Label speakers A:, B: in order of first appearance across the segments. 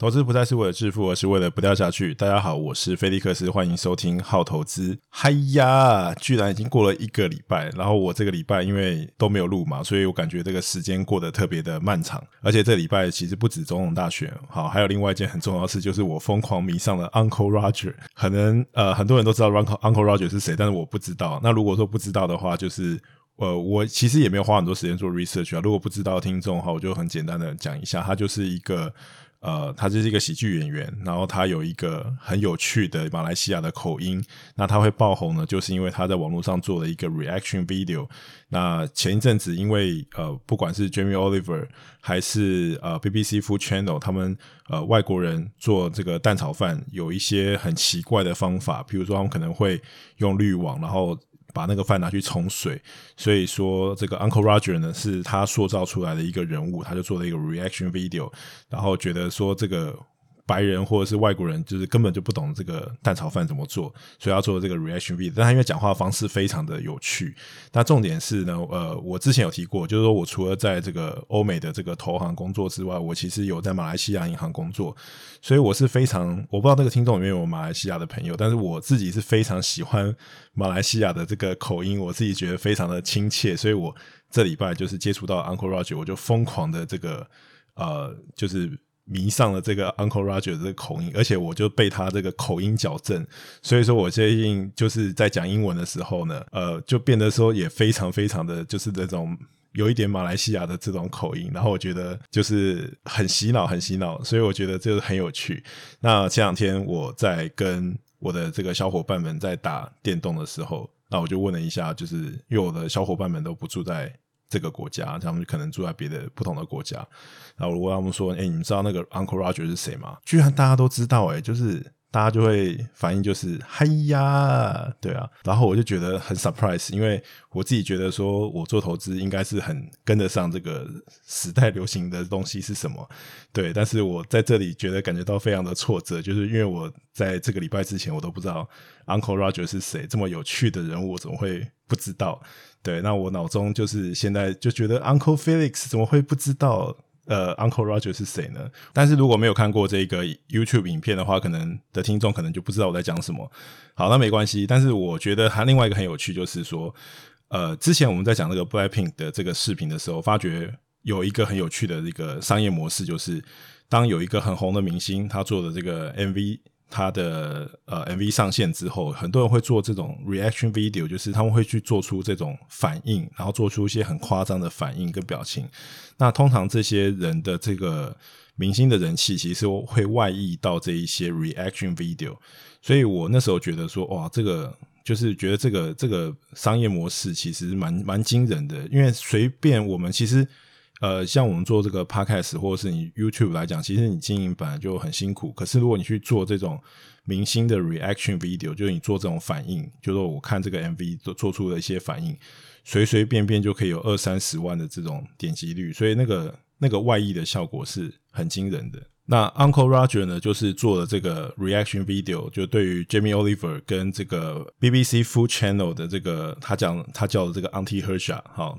A: 投資不再是為了致富，而是為了不掉下去。大家好，我是菲力克斯，歡迎收聽好投資。嗨、哎、呀，居然已經過了一個禮拜，然後我這個禮拜因為都沒有錄嘛，所以我感覺這個時間過得特別的漫長。而且這禮拜其實不止總統大選，好，還有另外一件很重要的事，就是我瘋狂迷上了 Uncle Roger。可能呃，很多人都知道 Uncle Uncle Roger 是誰，但是我不知道。那如果說不知道的話，就是呃，我其實也沒有花很多時間做 research 啊。如果不知道的聽眾哈，我就很簡單的講一下，他就是一個。呃，他就是一個喜劇演員，然後他有一個很有趣的馬來西亞的口音，那他會爆紅呢，就是因為他在網絡上做了一個 reaction video。那前一陣子，因為呃，不管是 Jamie Oliver 還是呃 BBC Food Channel，他們呃外國人做這個蛋炒飯有一些很奇怪的方法，比如說他們可能會用濾網，然後。把那個飯拿去沖水，所以說這個 Uncle Roger 呢，是他塑造出來的一個人物，他就做了一個 reaction video，然後覺得說這個。白人，或者是外國人，就是根本就不懂這個蛋炒飯怎麼做，所以要做這個 reaction video，但他因為講話方式非常的有趣，但重點是呢，呃，我之前有提過，就是說我除了在這個歐美的這個投行工作之外，我其實有在馬來西亞銀行工作，所以我是非常，我不知道這個聽眾裡面有馬來西亞的朋友，但是我自己是非常喜歡馬來西亞的這個口音，我自己覺得非常的親切，所以我這禮拜就是接觸到 Uncle Roger，我就瘋狂的這個，呃，就是。迷上了這個 Uncle Roger 的口音，而且我就被他這個口音矯正，所以說我最近就是在講英文的時候呢，呃，就變得說也非常非常的就是那種有一點馬來西亞的這種口音，然後我覺得就是很洗腦，很洗腦，所以我覺得這個很有趣。那前兩天我在跟我的這個小夥伴們在打電動的時候，那我就問了一下，就是因為我的小夥伴們都不住在。這個國家，他們可能住在別的不同的國家。然後如果他們說：“欸，你們知道那個 Uncle Roger 是誰嗎？”居然大家都知道欸，就是。大家就會反應就是嗨呀，對啊。然後我就覺得很 surprise，因為我自己覺得說我做投資應該是很跟得上這個時代流行的東西是什麼，對，但是我在這裡覺得感覺到非常的挫折，就是因為我在這個禮拜之前我都不知道 Uncle Roger 是誰，這麼有趣的人物我怎麼會不知道？對，那我腦中就是現在就覺得 Uncle Felix 怎麼會不知道？呃，Uncle Roger 是誰呢？但是如果沒有看過這個 YouTube 影片的話，可能的聽眾可能就不知道我在講什麼。好，那沒關係。但是我覺得還另外一個很有趣，就是說，呃，之前我們在講那個 Blackpink 的這個視頻的時候，發覺有一個很有趣的一個商業模式，就是當有一個很紅的明星，他做的這個 MV。他的呃 MV 上線之後，很多人會做這種 reaction video，就是他們會去做出這種反應，然後做出一些很誇張的反應跟表情。那通常這些人的這個明星的人氣，其實會外溢到這一些 reaction video。所以我那時候覺得說，哇，這個就是覺得這個這個商業模式其實蠻蠻驚人的，因為隨便我們其實。呃，像我們做這個 podcast 或者是你 YouTube 來講，其實你經營本來就很辛苦。可是如果你去做這種明星的 reaction video，就是你做這種反應，就是我看這個 MV 做做出了一些反應，隨隨便便就可以有二三十萬的這種點擊率，所以那個那個外溢的效果是很驚人的。那 Uncle Roger 呢，就是做了這個 reaction video，就對於 Jamie Oliver 跟這個 BBC Food Channel 的這個，他講，他叫的這個 Auntie Hersha 哈、哦。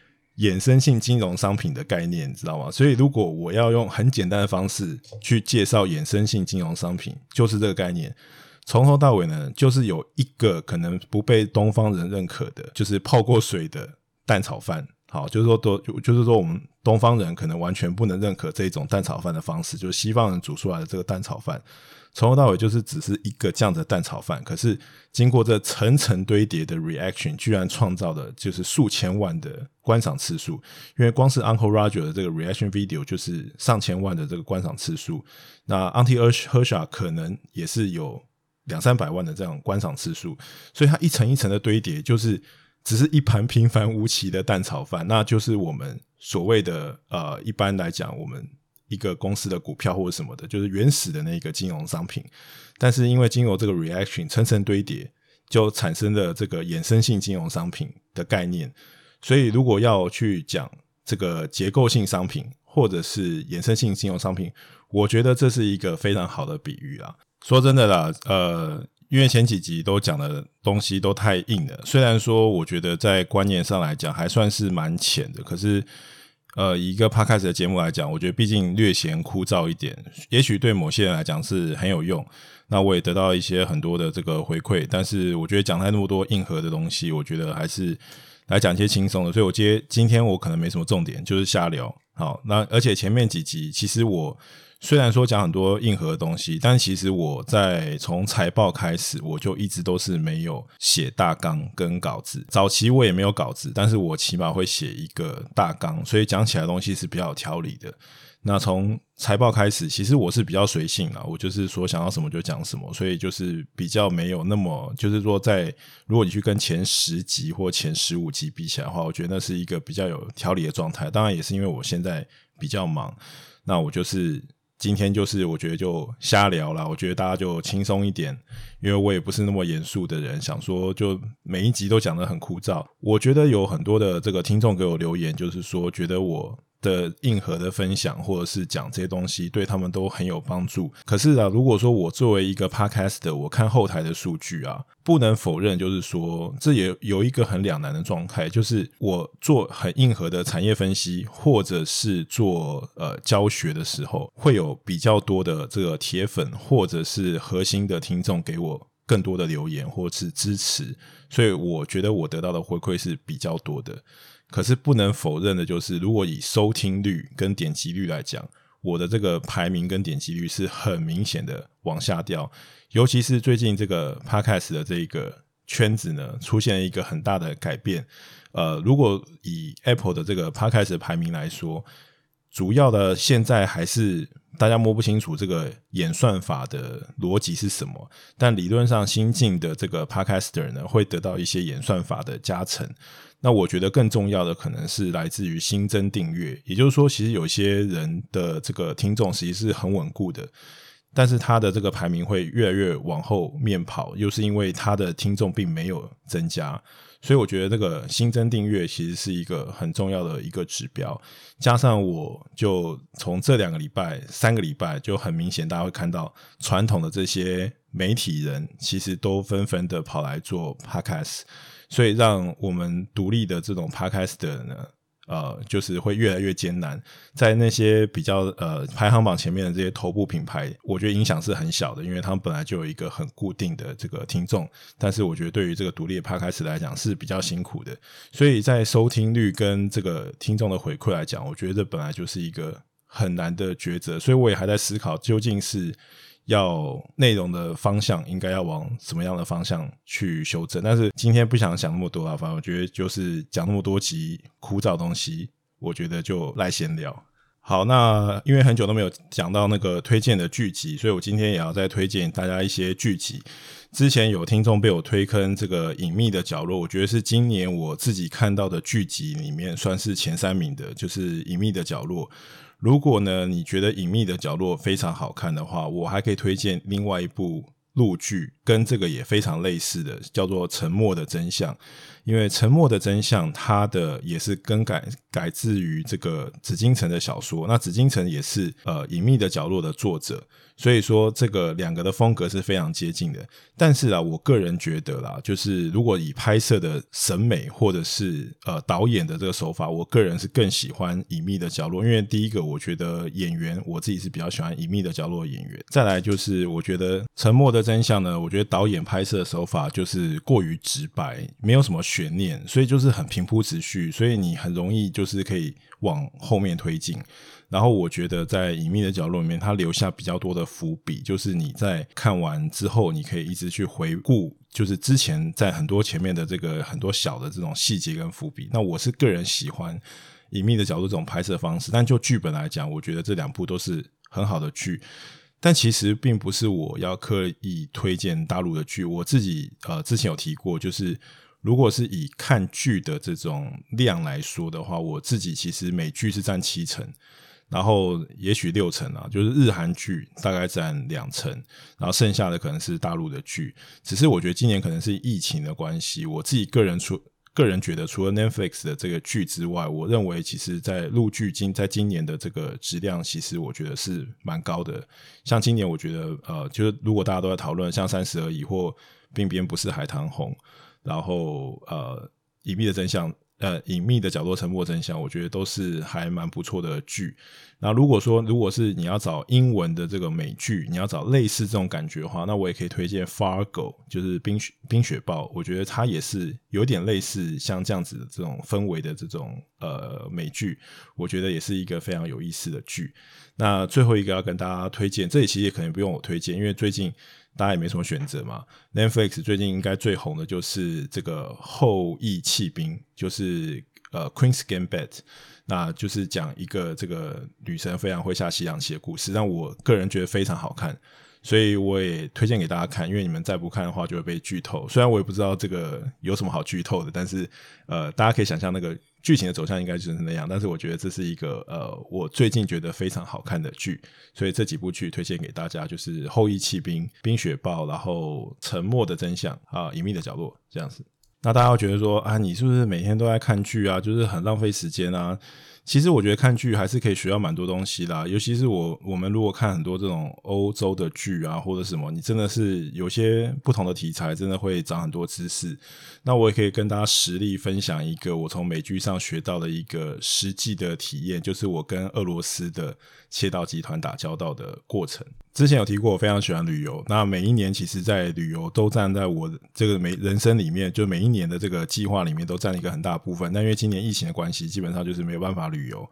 A: 衍生性金融商品的概念，你知道嗎？所以，如果我要用很簡單的方式去介紹衍生性金融商品，就是這個概念，從頭到尾呢，就是有一個可能不被東方人認可的，就是泡過水的蛋炒飯。好，就是說都，就是說我們東方人可能完全不能認可這一種蛋炒飯的方式，就是西方人煮出來的這個蛋炒飯。從頭到尾就是只是一個這樣的蛋炒飯，可是經過這層層堆疊的 reaction，居然創造的就是數千萬的觀賞次數。因為光是 Uncle Roger 的這個 reaction video 就是上千萬的這個觀賞次數，那 Auntie Hersha 可能也是有兩三百萬的這樣觀賞次數，所以它一層一層的堆疊，就是只是一盤平凡無奇的蛋炒飯，那就是我們所謂的呃，一般來講我們。一個公司的股票或者什麼的，就是原始的那個金融商品，但是因為金融這個 reaction 層層堆疊，就產生了這個衍生性金融商品的概念。所以，如果要去講這個結構性商品或者是衍生性金融商品，我覺得這是一個非常好的比喻啊。說真的啦，呃，因為前幾集都講的東西都太硬了，雖然說我覺得在觀念上來講還算是蠻淺的，可是。呃，以一個 podcast 的節目來講，我覺得畢竟略嫌枯燥一點，也許對某些人來講是很有用。那我也得到一些很多的這個回饋，但是我覺得講太那麼多硬核的東西，我覺得還是來講一些輕鬆的。所以我接今天我可能沒什麼重點，就是瞎聊。好，那而且前面幾集其實我。雖然說講很多硬核的東西，但其實我在從財報開始，我就一直都是沒有寫大綱跟稿子。早期我也沒有稿子，但是我起碼會寫一個大綱，所以講起來的東西是比較有條理的。那從財報開始，其實我是比較隨性了，我就是說想要什麼就講什麼，所以就是比較沒有那麼，就是說在如果你去跟前十集或前十五集比起來的話，我覺得那是一個比較有條理的狀態。當然也是因為我現在比較忙，那我就是。今天就是我覺得就瞎聊了，我覺得大家就輕鬆一點，因為我也不是那麼嚴肅的人，想說就每一集都講得很枯燥。我覺得有很多的這個聽眾給我留言，就是說覺得我。的硬核的分享，或者是講這些東西，對他們都很有幫助。可是啊，如果說我作為一個 podcast，我看後台的數據啊，不能否認，就是說，這也有一個很兩難的狀態，就是我做很硬核的產業分析，或者是做呃教學的時候，會有比較多的這個鐵粉或者是核心的聽眾給我更多的留言或是支持。所以我覺得我得到的回饋是比較多的。可是不能否認的就是，如果以收聽率跟點擊率來講，我的這個排名跟點擊率是很明顯的往下掉。尤其是最近這個 Podcast 的這個圈子呢，出現了一個很大的改變。呃，如果以 Apple 的這個 Podcast 排名來說，主要的現在還是。大家摸不清楚這個演算法的邏輯是什麼，但理論上新進的這個 Podcaster 呢，會得到一些演算法的加成。那我覺得更重要的可能是來自於新增訂閱，也就是說，其實有些人的這個聽眾實際是很穩固的，但是他的這個排名會越來越往後面跑，又是因為他的聽眾並沒有增加。所以我覺得這個新增訂閱其實是一個很重要的一個指標，加上我就從這兩個禮拜、三個禮拜，就很明顯大家會看到傳統的這些媒體人其實都紛紛的跑來做 podcast，所以讓我們獨立的這種 podcast 的人呢。呃，就是會越來越艱難。在那些比較呃排行榜前面的這些頭部品牌，我覺得影響是很小的，因為他們本來就有一個很固定的這個聽眾。但是，我覺得對於這個獨立的 Podcaster 來講是比較辛苦的。所以在收聽率跟這個聽眾的回饋來講，我覺得這本來就是一個很難的抉擇。所以，我也還在思考，究竟是。要內容的方向應該要往什麼樣的方向去修正？但是今天不想講那麼多啊，反正我覺得就是講那麼多集枯燥東西，我覺得就來閒聊。好，那因為很久都沒有講到那個推薦的劇集，所以我今天也要再推薦大家一些劇集。之前有聽眾被我推坑這個《隱秘的角落》，我覺得是今年我自己看到的劇集裡面算是前三名的，就是《隱秘的角落》。如果呢，你覺得隱秘的角落非常好看的話，我還可以推薦另外一部陸劇，跟這個也非常類似的，叫做《沉默的真相》。因為《沉默的真相》它的也是更改改自於這個紫金陳的小說，那紫金陳也是呃隱秘的角落的作者，所以說這個兩個的風格是非常接近的。但是啊，我個人覺得啦，就是如果以拍攝的審美或者是呃導演的這個手法，我個人是更喜歡《隱秘的角落》，因為第一個我覺得演員我自己是比較喜歡《隱秘的角落》演員。再來就是我覺得《沉默的真相》呢，我覺得導演拍攝的手法就是過於直白，沒有什麼。懸念，所以就是很平鋪直敘，所以你很容易就是可以往後面推進。然後我覺得在隱秘的角落裡面，它留下比較多的伏筆，就是你在看完之後，你可以一直去回顧，就是之前在很多前面的這個很多小的這種細節跟伏筆。那我是個人喜歡隱秘的角落這種拍攝方式，但就劇本來講，我覺得這兩部都是很好的劇。但其實並不是我要刻意推薦大陸的劇，我自己呃之前有提過，就是。如果是以看劇的這種量來說的話，我自己其實美劇是佔七成，然後也許六成啊，就是日韓劇大概佔兩成，然後剩下的可能是大陸的劇。只是我覺得今年可能是疫情的關係，我自己個人除個人覺得，除了 Netflix 的這個劇之外，我認為其實在陸劇今在今年的這個質量，其實我覺得是蠻高的。像今年，我覺得呃，就是如果大家都在討論像《三十而已》或《鬢邊不是海棠紅》。然後呃，隱秘的真相，呃，隱秘的角落，沉默的真相，我覺得都是還蠻不錯的劇。那如果說，如果是你要找英文的這個美劇，你要找類似這種感覺的話，那我也可以推薦《Fargo》，就是《冰血暴、冰血暴》，我覺得它也是有點類似像這樣子的這種氛圍的這種呃美劇，我覺得也是一個非常有意思的劇。那最後一個要跟大家推薦，這裡其實也可能不用我推薦，因為最近。大家也沒什麼選擇嘛。Netflix 最近應該最紅的就是這個《後翼棄兵》，就是呃 Queen's Gambit，那就是講一個這個女生非常會下西洋棋的故事。但我個人覺得非常好看，所以我也推薦給大家看。因為你們再不看的話，就會被劇透。雖然我也不知道這個有什麼好劇透的，但是呃，大家可以想象那個。劇情的走向應該就是那樣，但是我覺得這是一個呃，我最近覺得非常好看的劇，所以這幾部劇推薦給大家，就是《後翼棄兵》《冰血暴》，然後《沉默的真相》啊，《隱秘的角落》這樣子。那大家會覺得說啊，你是不是每天都在看劇啊？就是很浪費時間啊？其實我覺得看劇還是可以學到蠻多東西啦，尤其是我我們如果看很多這種歐洲的劇啊，或者什麼，你真的是有些不同的題材，真的會長很多知識。那我也可以跟大家實例分享一個我從美劇上學到的一個實際的體驗，就是我跟俄羅斯的竊盜集團打交道的過程。之前有提過，我非常喜歡旅遊。那每一年，其實，在旅遊都站在我這個每人生裡面，就每一年的這個計劃裡面，都占了一個很大部分。但因為今年疫情的關係，基本上就是沒有辦法旅遊，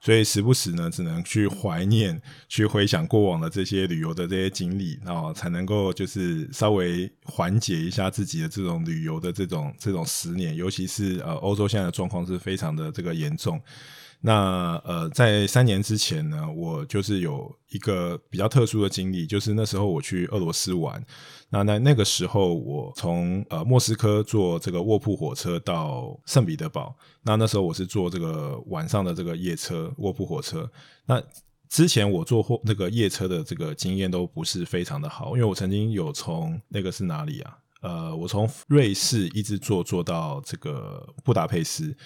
A: 所以時不時呢，只能去懷念、去回想過往的這些旅遊的這些經歷，然、哦、後才能夠就是稍微緩解一下自己的這種旅遊的這種這種思念，尤其是呃，歐洲現在的狀況是非常的這個嚴重。那呃，在三年之前呢，我就是有一個比較特殊的經歷，就是那時候我去俄羅斯玩。那那那個時候，我從呃莫斯科，坐這個臥鋪火車到聖彼得堡。那那時候我是坐這個晚上的這個夜車臥鋪火車。那之前我坐臥那個夜車的這個經驗都不是非常的好，因為我曾經有從那個是哪裡啊？呃，我從瑞士一直坐坐到這個布達佩斯。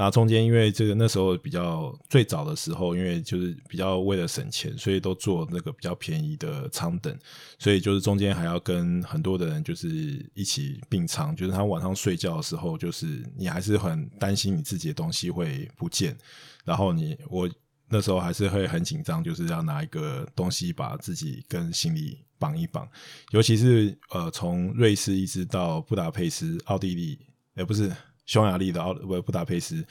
A: 那中間，因為這個那時候比較最早的時候，因為就是比較為了省錢，所以都做那個比較便宜的艙等，所以就是中間還要跟很多的人就是一起併艙，就是他晚上睡覺的時候，就是你還是很擔心你自己的東西會不見，然後你我那時候還是會很緊張，就是要拿一個東西把自己跟行李綁一綁，尤其是呃從瑞士一直到布達佩斯、奧地利，哎、欸、不是。匈牙利的奧不布達佩斯，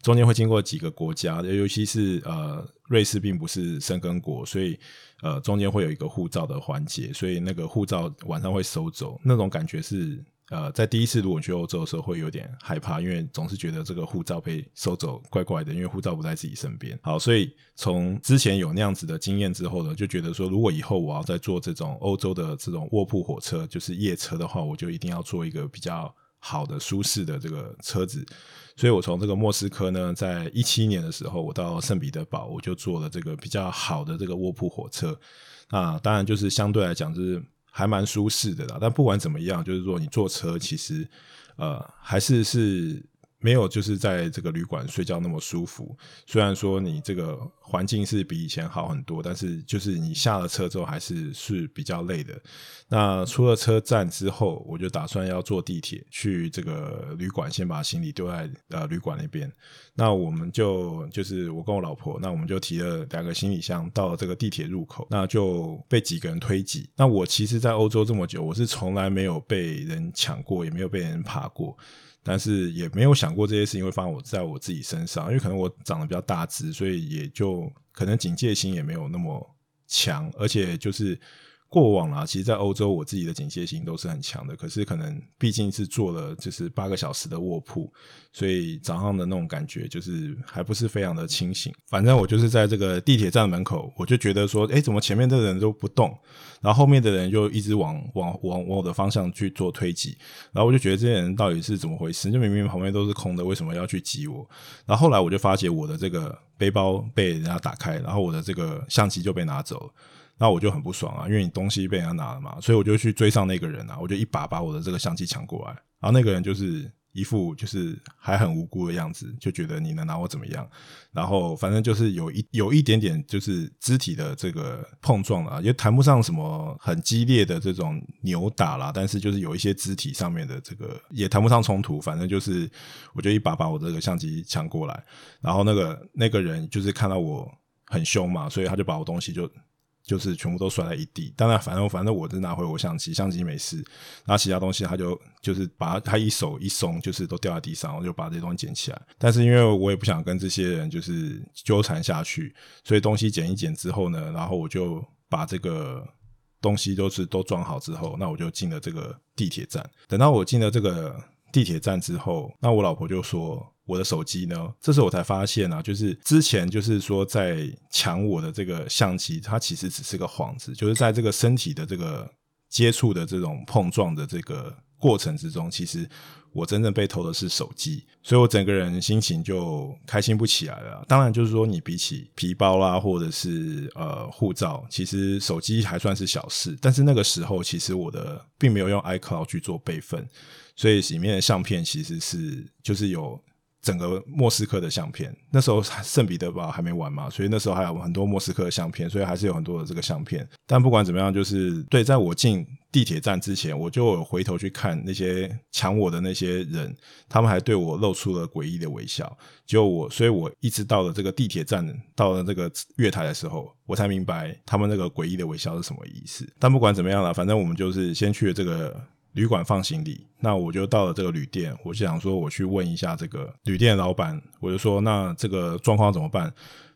A: 中間會經過幾個國家，尤其是呃瑞士，並不是申根國，所以呃中間會有一個護照的環節，所以那個護照晚上會收走，那種感覺是呃在第一次如果去歐洲的時候會有點害怕，因為總是覺得這個護照被收走，怪怪的，因為護照不在自己身邊。好，所以從之前有那樣子的經驗之後呢，就覺得說，如果以後我要再坐這種歐洲的這種臥鋪火車，就是夜車的話，我就一定要坐一個比較好的、舒適的這個車子，所以我從這個莫斯科呢，在一七年的時候，我到聖彼得堡，我就坐了這個比較好的這個臥鋪火車。那當然就是相對來講就是還蠻舒適的啦。但不管怎麼樣，就是說你坐車其實呃還是是。沒有，就是在這個旅館睡覺那麼舒服。雖然說你這個環境是比以前好很多，但是就是你下了車之後還是是比較累的。那出了車站之後，我就打算要坐地鐵去這個旅館，先把行李丟在呃旅館那邊。那我們就就是我跟我老婆，那我們就提了兩個行李箱到這個地鐵入口，那就被幾個人推擠。那我其實，在歐洲這麼久，我是從來沒有被人搶過，也沒有被人扒過。但是也沒有想過這些事情會發生我在我自己身上，因為可能我長得比較大只，所以也就可能警戒心也沒有那麼強，而且就是。過往啦，其實，在歐洲，我自己的警戒心都是很強的。可是，可能畢竟是坐了就是八個小時的臥鋪，所以早上的那種感覺就是還不是非常的清醒。反正我就是在這個地鐵站的門口，我就覺得說，誒，怎麼前面的人都不動，然後後面的人就一直往往往我的方向去做推擠，然後我就覺得這些人到底是怎麼回事？就明明旁邊都是空的，為什麼要去擠我？然後後來我就發覺我的這個背包被人家打開，然後我的這個相機就被拿走了。那我就很不爽啊，因為你東西被人家拿了嘛，所以我就去追上那個人啊，我就一把把我的這個相機搶過來，然後那個人就是一副就是還很無辜的樣子，就覺得你能拿我怎麼樣？然後反正就是有一有一點點就是肢體的這個碰撞了啊，也談不上什麼很激烈的這種扭打啦，但是就是有一些肢體上面的這個也談不上衝突，反正就是我就一把把我這個相機搶過來，然後那個那個人就是看到我很兇嘛，所以他就把我東西就。就是全部都摔在一地。當然，反正反正我就拿回我相機，相機沒事，拿其他東西，他就就是把他他一手一鬆，就是都掉在地上，我就把這些東西撿起來。但是因為我也不想跟這些人就是糾纏下去，所以東西撿一撿之後呢，然後我就把這個東西都是都裝好之後，那我就進了這個地鐵站。等到我進了這個地鐵站之後，那我老婆就說。我的手機呢？這時候我才發現啊，就是之前就是說在搶我的這個相機，它其實只是個幌子。就是在這個身體的這個接觸的這種碰撞的這個過程之中，其實我真正被偷的是手機，所以我整個人心情就開心不起來了。當然，就是說你比起皮包啦，或者是呃護照，其實手機還算是小事。但是那個時候，其實我的並沒有用 iCloud 去做備份，所以裡面的相片其實是就是有。整個莫斯科的相片，那時候聖彼得堡還沒玩嘛，所以那時候還有很多莫斯科的相片，所以還是有很多的這個相片。但不管怎麼樣，就是對，在我進地鐵站之前，我就回頭去看那些搶我的那些人，他們還對我露出了詭異的微笑。只有我，所以我一直到了這個地鐵站，到了這個月台的時候，我才明白他們那個詭異的微笑是什麼意思。但不管怎麼樣啦，反正我們就是先去了這個。旅館放行李，那我就到了這個旅店，我就想說我去問一下這個旅店的老闆，我就說那這個狀況怎麼辦？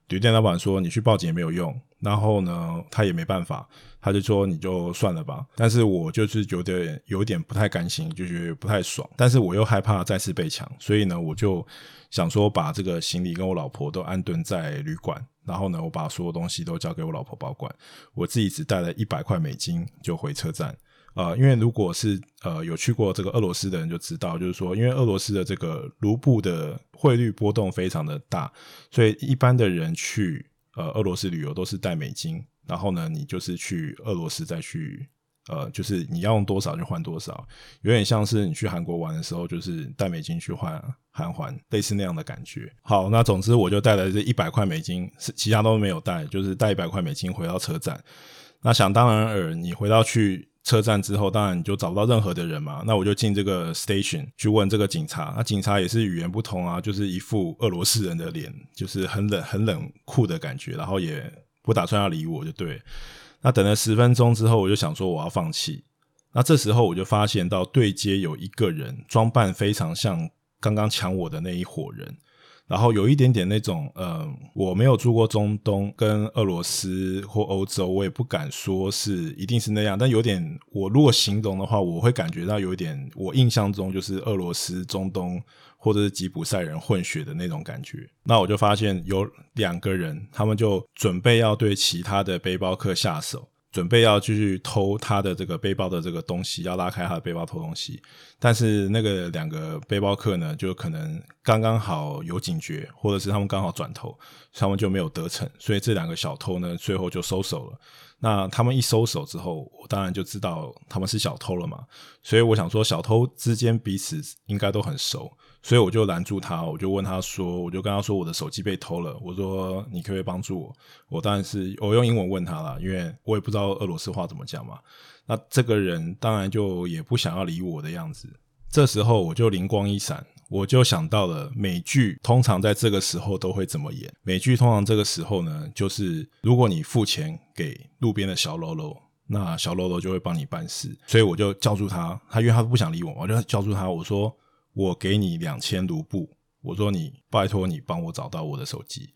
A: 旅店老闆說，你去報警也沒有用，然後呢，他也沒辦法，他就說你就算了吧。但是我就是覺得有點，有點不太甘心，就覺得不太爽，但是我又害怕再次被搶，所以呢，我就想說把這個行李跟我老婆都安頓在旅館，然後呢，我把所有東西都交給我老婆保管，我自己只帶了一百塊美金就回車站。呃，因為如果是呃有去過這個俄羅斯的人就知道，就是說，因為俄羅斯的這個盧布的匯率波動非常的大，所以一般的人去呃俄羅斯旅遊都是帶美金，然後呢，你就是去俄羅斯再去呃，就是你要用多少就換多少，有點像是你去韓國玩的時候，就是帶美金去換韓元，類似那樣的感覺。好，那總之我就帶了這一百塊美金，是其他都沒有帶，就是帶一百塊美金回到車站。那想當然爾，你回到去。車站之後，當然你就找不到任何的人嘛。那我就進這個 station 去問這個警察。那警察也是語言不通啊，就是一副俄羅斯人的臉，就是很冷、很冷酷的感覺，然後也不打算要理我，就對。那等了十分鐘之後，我就想說我要放棄。那這時候我就發現到對街有一個人，裝扮非常像剛剛搶我的那一夥人。然後有一點點那種，嗯、呃，我沒有住過中東跟俄羅斯或歐洲，我也不敢說是一定是那樣，但有點，我如果形容的話，我會感覺到有一點，我印象中就是俄羅斯、中東或者是吉普賽人混血的那種感覺。那我就發現有兩個人，他們就準備要對其他的背包客下手。準備要繼續偷他的這個背包的這個東西，要拉開他的背包偷東西，但是那個兩個背包客呢，就可能剛剛好有警覺，或者是他們剛好轉頭，他們就沒有得逞，所以這兩個小偷呢，最後就收手了。那他們一收手之後，我當然就知道他們是小偷了嘛。所以我想說，小偷之間彼此應該都很熟。所以我就攔住他，我就問他說，我就跟他說我的手機被偷了，我說你可不可以幫助我？我當然是、哦、我用英文問他啦，因為我也不知道俄羅斯話怎麼講嘛。那這個人當然就也不想要理我的樣子。這時候我就靈光一閃，我就想到了美劇通常在這個時候都會怎麼演。美劇通常這個時候呢，就是如果你付錢給路邊的小嘍囉，那小嘍囉就會幫你辦事。所以我就叫住他，他因為他不想理我，我就叫住他，我說，我給你兩千盧布，我說你拜托你幫我找到我的手機。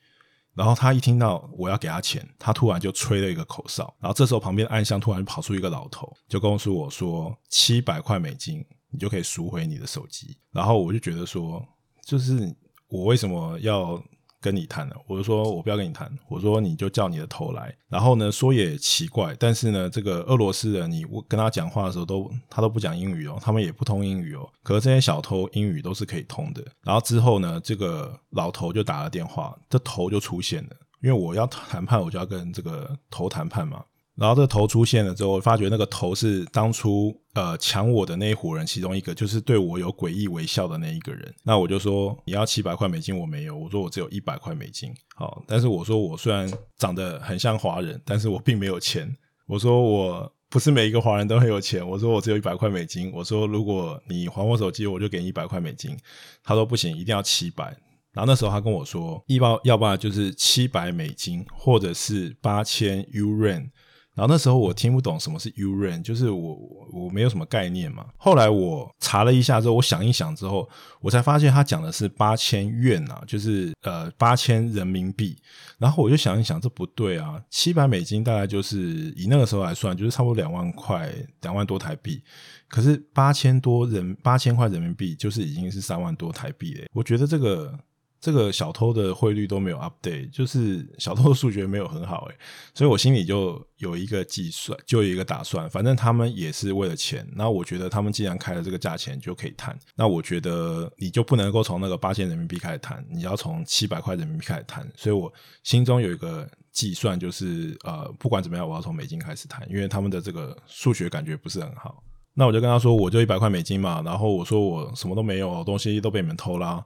A: 然後他一聽到我要給他錢，他突然就吹了一個口哨，然後這時候旁邊的暗巷突然跑出一個老頭，就告訴我說七百塊美金，你就可以贖回你的手機，然後我就覺得說，就是我為什麼要。跟你談了，我就說我不要跟你談，我說你就叫你的頭來。然後呢，說也奇怪，但是呢，這個俄羅斯人你我跟他講話的時候都他都不講英語哦，他們也不通英語哦。可是這些小偷英語都是可以通的。然後之後呢，這個老頭就打了電話，這頭就出現了，因為我要談判，我就要跟這個頭談判嘛。然後這個頭出現了之後，我發覺那個頭是當初呃搶我的那一夥人其中一個，就是對我有詭異微笑的那一個人。那我就說你要七百塊美金，我沒有。我說我只有一百塊美金。好，但是我說我雖然長得很像華人，但是我並沒有錢。我說我不是每一個華人都很有錢。我說我只有一百塊美金。我說如果你還我手機，我就給你一百塊美金。他說不行，一定要七百。然後那時候他跟我說，一包要不然就是七百美金，或者是八千 uran。然後那時候我聽不懂什麼是 uran，就是我我沒有什麼概念嘛。後來我查了一下之後，我想一想之後，我才發現他講的是八千元啊，就是呃八千人民幣。然後我就想一想，這不對啊，七百美金大概就是以那個時候來算，就是差不多兩萬塊，兩萬多台幣。可是八千多人，八千塊人民幣就是已經是三萬多台幣了欸。我覺得這個。這個小偷的匯率都沒有 update，就是小偷的數學沒有很好誒。所以我心裡就有一個計算，就有一個打算，反正他們也是為了錢。那我覺得他們既然開了這個價錢就可以談，那我覺得你就不能夠從那個八千人民幣開始談，你要從七百塊人民幣開始談。所以我心中有一個計算，就是呃，不管怎麼樣，我要從美金開始談，因為他們的這個數學感覺不是很好。那我就跟他說，我就一百塊美金嘛，然後我說我什麼都沒有，東西都被你們偷啦。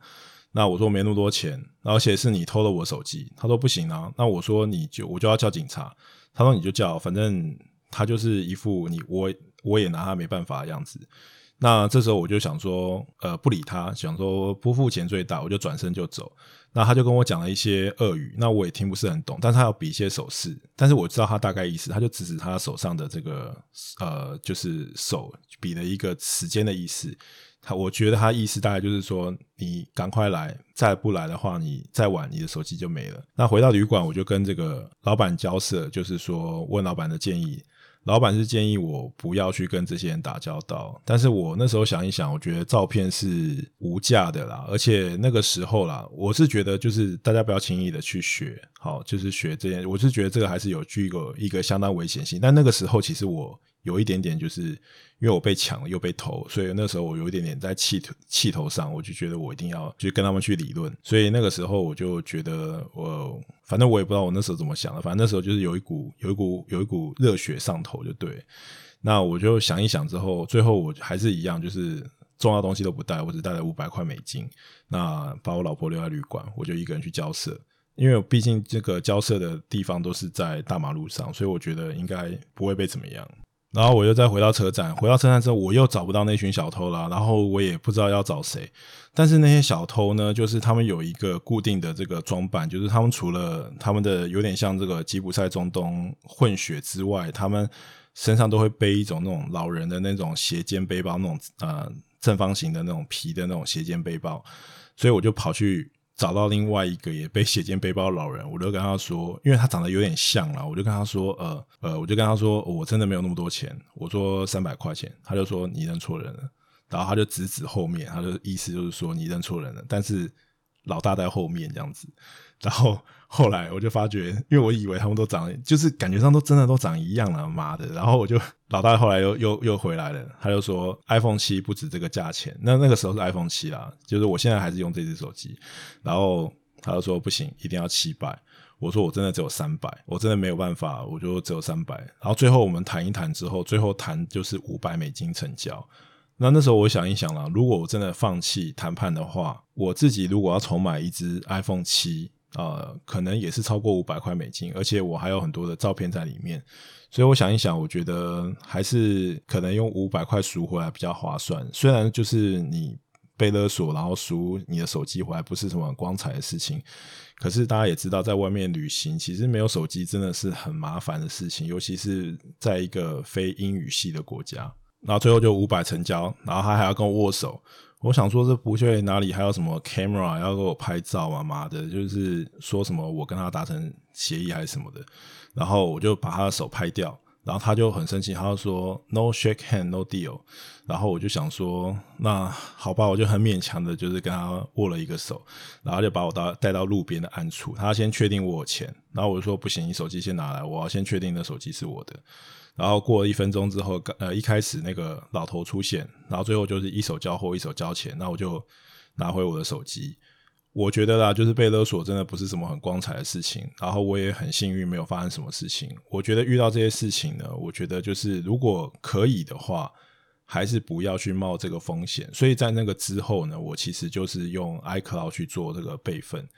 A: 那我說沒那麼多錢，而且是你偷了我手機。他說不行啊，那我說你就我就要叫警察。他說你就叫，反正他就是一副你我我也拿他沒辦法的樣子。那這時候我就想說，呃，不理他，想說不付錢最大，我就轉身就走。那他就跟我講了一些俄語，那我也聽不是很懂，但是他要比一些手勢，但是我知道他大概意思，他就指指他手上的這個，呃，就是手比了一個時間的意思。他我覺得他意思大概就是說，你趕快來，再不來的話，你再晚，你的手機就沒了。那回到旅館，我就跟這個老闆交涉，就是說問老闆的建議。老闆是建議我不要去跟這些人打交道。但是我那時候想一想，我覺得照片是無價的啦，而且那個時候啦，我是覺得就是大家不要輕易的去學，好，就是學這些。我是覺得這個還是有具有一個相當危險性。但那個時候其實我。有一點點，就是因為我被搶了又被投，所以那時候我有一點點在氣頭氣頭上，我就覺得我一定要去跟他們去理論。所以那個時候我就覺得我，我反正我也不知道我那時候怎麼想的，反正那時候就是有一股有一股有一股熱血上頭，就對。那我就想一想之後，最後我還是一樣，就是重要東西都不帶，我只帶了五百塊美金。那把我老婆留在旅館，我就一個人去交涉，因為畢竟這個交涉的地方都是在大馬路上，所以我覺得應該不會被怎麼樣。然後我又再回到車站，回到車站之後，我又找不到那群小偷了啊，然後我也不知道要找誰，但是那些小偷呢，就是他們有一個固定的這個裝扮，就是他們除了他們的有點像這個吉普賽中東混血之外，他們身上都會背一種那種老人的那種斜肩背包，那種呃正方形的那種皮的那種斜肩背包，所以我就跑去。找到另外一個也被寫進背包的老人，我就跟他說，因為他長得有點像了，我就跟他說，呃呃，我就跟他說，我真的沒有那麼多錢，我說三百塊錢。他就說你認錯人了，然後他就指指後面，他的意思就是說你認錯人了，但是老大在後面這樣子，然後。後來我就發覺，因為我以為他們都長，就是感覺上都真的都長一樣了、啊，媽的！然後我就老大後來又又又回來了，他就說 iPhone 七不止這個價錢。那那個時候是 iPhone 七啦，就是我現在還是用這只手機。然後他就說不行，一定要七百。我說我真的只有三百，我真的沒有辦法，我就只有三百。然後最後我們談一談之後，最後談就是五百美金成交。那那時候我想一想了，如果我真的放棄談判的話，我自己如果要重買一只 iPhone 七。呃，可能也是超過五百塊美金，而且我還有很多的照片在裡面，所以我想一想，我覺得還是可能用五百塊贖回來比較划算。雖然就是你被勒索，然後贖你的手機回來不是什麼光彩的事情，可是大家也知道，在外面旅行其實沒有手機真的是很麻煩的事情，尤其是在一個非英語系的國家。那最後就五百成交，然後他還要跟我握手。我想說這不對，哪裡還有什麼 camera 要給我拍照啊？媽的，就是說什麼我跟他達成協議還是什麼的，然後我就把他的手拍掉，然後他就很生氣，他就說 no shake hand no deal。然後我就想說那好吧，我就很勉強的，就是跟他握了一個手，然後就把我帶到路邊的暗處。他先確定我有錢，然後我就說不行，你手機先拿來，我要先確定你的手機是我的。然後過了一分鐘之後，呃，一開始那個老頭出現，然後最後就是一手交貨，一手交錢。那我就拿回我的手機。我覺得啦，就是被勒索，真的不是什麼很光彩的事情。然後我也很幸運，沒有發生什麼事情。我覺得遇到這些事情呢，我覺得就是如果可以的話，還是不要去冒這個風險。所以在那個之後呢，我其實就是用 iCloud 去做這個備份。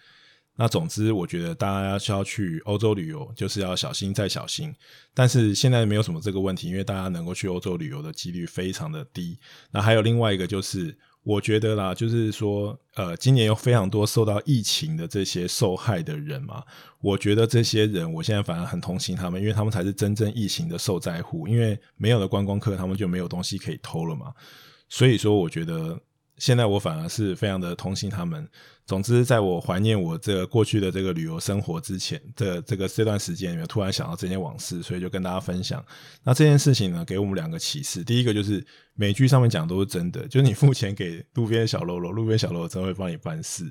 A: 那總之，我覺得大家需要去歐洲旅遊，就是要小心再小心。但是現在沒有什麼這個問題，因為大家能夠去歐洲旅遊的幾率非常的低。那還有另外一個，就是我覺得啦，就是說，呃，今年有非常多受到疫情的這些受害的人嘛，我覺得這些人，我現在反而很同情他們，因為他們才是真正疫情的受災戶，因為沒有了觀光客，他們就沒有東西可以偷了嘛。所以說，我覺得。現在我反而是非常的同情他們。總之，在我懷念我這個過去的這個旅遊生活之前，這個、這個這段時間裡面，突然想到這件往事，所以就跟大家分享。那這件事情呢，給我們兩個啟示。第一個就是美劇上面講都是真的，就是你付錢給路邊的小嘍囉，路邊小嘍囉真的會幫你辦事。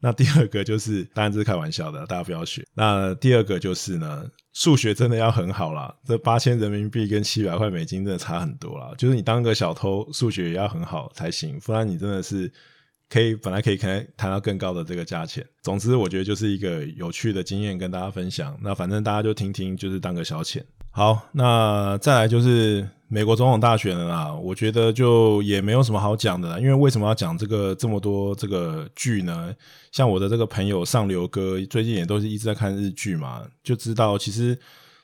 A: 那第二個就是，當然這是開玩笑的，大家不要學。那第二個就是呢，數學真的要很好啦，這八千人民幣跟七百塊美金真的差很多啦。就是你當個小偷，數學也要很好才行，不然你真的是可以本來可以可能談到更高的這個價錢。總之，我覺得就是一個有趣的經驗跟大家分享。那反正大家就聽聽，就是當個消遣。好，那再來就是美國總統大選了啦，我覺得就也沒有什麼好講的啦，因為為什麼要講這個這麼多這個劇呢？像我的這個朋友上流哥最近也都是一直在看日劇嘛，就知道其實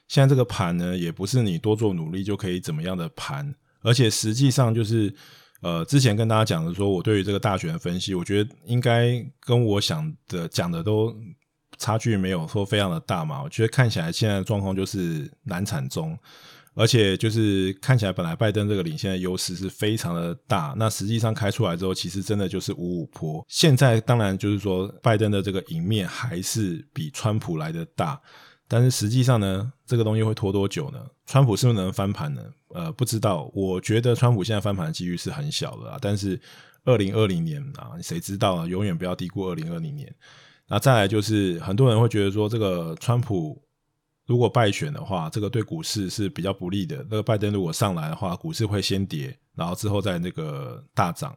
A: 現在這個盤呢，也不是你多做努力就可以怎麼樣的盤，而且實際上就是呃，之前跟大家講的，說我對於這個大選的分析，我覺得應該跟我想的講的都。差距沒有說非常的大嘛，我覺得看起來現在的狀況就是難產中，而且就是看起來本來拜登這個領先的優勢是非常的大，那實際上開出來之後，其實真的就是五五波。現在當然就是說拜登的這個贏面還是比川普來得大，但是實際上呢，這個東西會拖多久呢？川普是不是能翻盤呢？呃，不知道。我覺得川普現在翻盤的幾率是很小的啦。但是二零二零年啊，你誰知道啊？永遠不要低估二零二零年。那再來就是很多人會覺得說，這個川普如果敗選的話，這個對股市是比較不利的。那個拜登如果上來的話，股市會先跌，然後之後再那個大漲。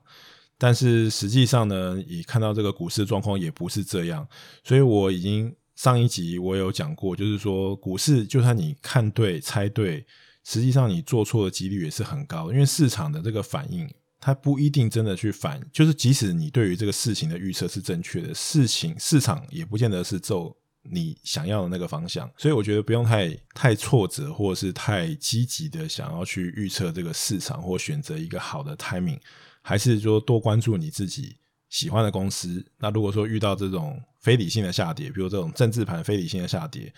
A: 但是實際上呢，你看到這個股市狀況也不是這樣。所以我已經上一集我有講過，就是說股市就算你看對、猜對，實際上你做錯的幾率也是很高，因為市場的這個反應。它不一定真的去反，就是即使你對於這個事情的預測是正確的，事情市場也不見得是走你想要的那個方向，所以我覺得不用太太挫折，或者是太積極的想要去預測這個市場或選擇一個好的 timing，還是說多關注你自己喜歡的公司。那如果說遇到這種非理性的下跌，比如這種政治盤非理性的下跌。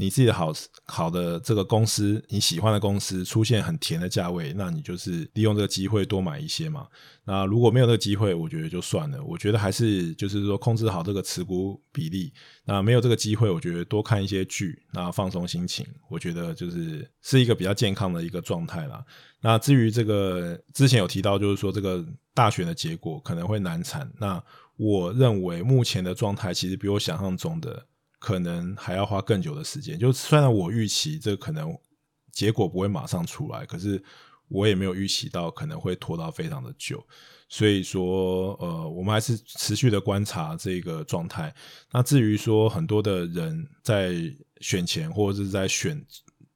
A: 你自己的好好的這個公司，你喜歡的公司出現很甜的價位，那你就是利用這個機會多買一些嘛。那如果沒有這個機會，我覺得就算了。我覺得還是就是說控制好這個持股比例。那沒有這個機會，我覺得多看一些劇，那放鬆心情。我覺得就是是一個比較健康的一個狀態啦。那至於這個之前有提到，就是說這個大選的結果可能會難產。那我認為目前的狀態其實比我想象中的。可能還要花更久的時間，就算我預期這可能結果不會馬上出來，可是我也沒有預期到可能會拖到非常的久，所以說呃，我們還是持續的觀察這個狀態。那至於說很多的人在選前或者是在選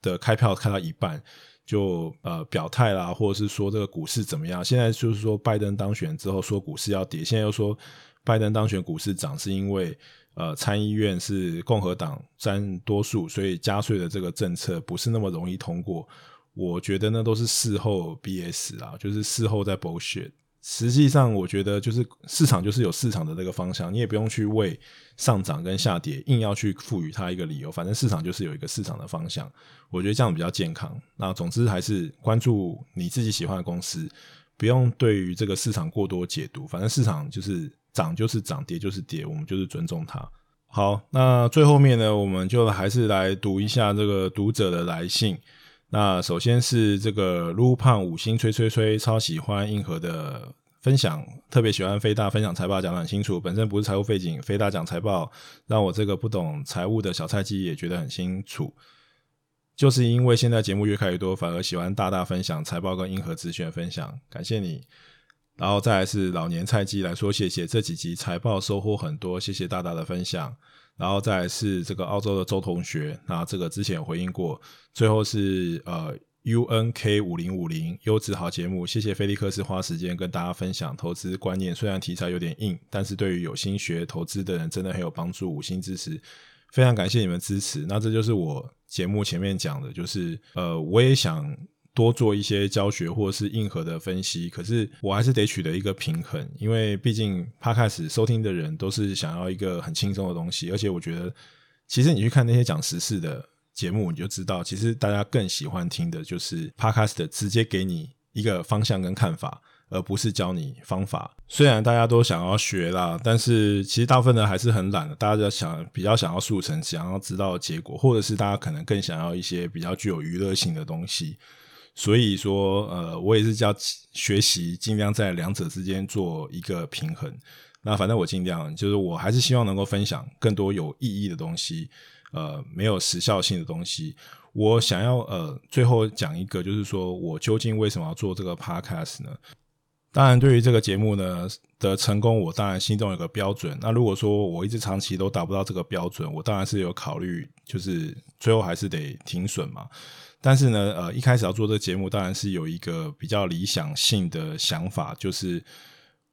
A: 的開票開到一半就呃表態啦，或者是說這個股市怎麼樣？現在就是說拜登當選之後說股市要跌，現在又說拜登當選股市漲是因為。呃，參議院是共和黨占多數，所以加稅的這個政策不是那麼容易通過。我覺得那都是事後 BS 啦，就是事後在 bullshit。實際上，我覺得就是市場就是有市場的這個方向，你也不用去為上漲跟下跌硬要去賦予它一個理由。反正市場就是有一個市場的方向，我覺得這樣比較健康。那總之還是關注你自己喜歡的公司，不用對於這個市場過多解讀。反正市場就是。漲就是漲，跌就是跌，我們就是尊重它。好，那最後面呢，我們就還是來讀一下這個讀者的來信。那首先是這個擼胖五星吹吹吹，超喜歡硬核的分享，特別喜歡飛大分享財報講得很清楚。本身不是財務背景，飛大講財報讓我這個不懂財務的小菜雞也覺得很清楚。就是因為現在節目越開越多，反而喜歡大大分享財報跟硬核資訊分享，感謝你。然後再來是老年菜雞來說，謝謝這幾集財報收穫很多，謝謝大大的分享，然後再來是這個澳洲的周同學，那這個之前有回應過，最後是呃 UNK 五零五零優質好節目，謝謝菲利克斯花時間跟大家分享投資觀念，雖然題材有點硬，但是對於有心學投資的人真的很有幫助，五星支持，非常感謝你們支持，那這就是我節目前面講的，就是呃我也想。多做一些教學或者是硬核的分析，可是我還是得取得一個平衡，因為畢竟 Podcast 收聽的人都是想要一個很輕鬆的東西，而且我覺得，其實你去看那些講時事的節目，你就知道，其實大家更喜歡聽的就是 Podcast，直接給你一個方向跟看法，而不是教你方法。雖然大家都想要學啦，但是其實大部分人還是很懶的，大家就想比較想要速成，想要知道的結果，或者是大家可能更想要一些比較具有娛樂性的東西。所以說，呃，我也是要學習，盡量在兩者之間做一個平衡。那反正我盡量，就是我還是希望能夠分享更多有意義的東西，呃，沒有時效性的東西。我想要，呃，最後講一個，就是說我究竟為什麼要做這個 podcast 呢？當然，對於這個節目呢的成功，我當然心中有個標準。那如果說我一直長期都達不到這個標準，我當然是有考慮，就是最後還是得停損嘛。但是呢，呃，一開始要做這個節目，當然是有一個比較理想性的想法，就是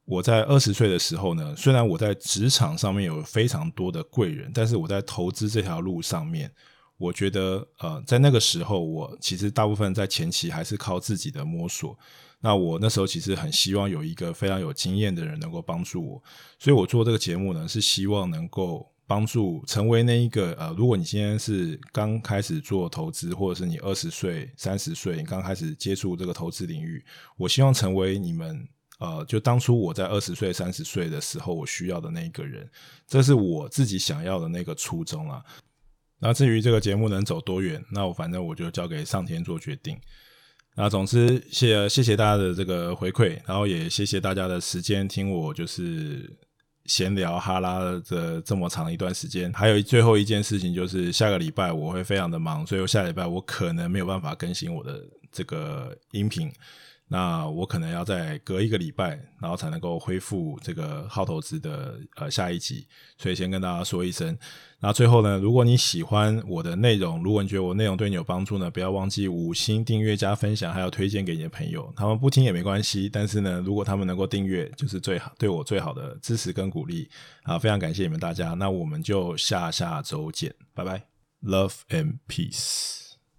A: 我在二十歲的時候呢，雖然我在職場上面有非常多的貴人，但是我在投資這條路上面，我覺得，呃，在那個時候，我其實大部分在前期還是靠自己的摸索。那我那時候其實很希望有一個非常有經驗的人能夠幫助我，所以我做這個節目呢，是希望能夠。幫助成為那一個呃，如果你今天是剛開始做投資，或者是你二十歲、三十歲，你剛開始接觸這個投資領域，我希望成為你們呃，就當初我在二十歲、三十歲的時候，我需要的那一個人，這是我自己想要的那個初衷啊。那至於這個節目能走多遠，那我反正我就交給上天做決定。那總之，謝謝，謝謝大家的這個回饋，然後也謝謝大家的時間，聽我就是。閒聊哈拉的這麼長一段時間，還有最後一件事情就是，下個禮拜我會非常的忙，所以下禮拜我可能沒有辦法更新我的這個音頻。那我可能要再隔一個禮拜，然後才能夠恢復這個好投資的呃下一集，所以先跟大家說一聲。那最後呢，如果你喜歡我的內容，如果你覺得我內容對你有幫助呢，不要忘記五星訂閱加分享，還有推薦給你的朋友。他們不聽也沒關係，但是呢，如果他們能夠訂閱，就是最好對我最好的支持跟鼓勵啊！非常感謝你們大家，那我們就下下周見，拜拜，Love and Peace。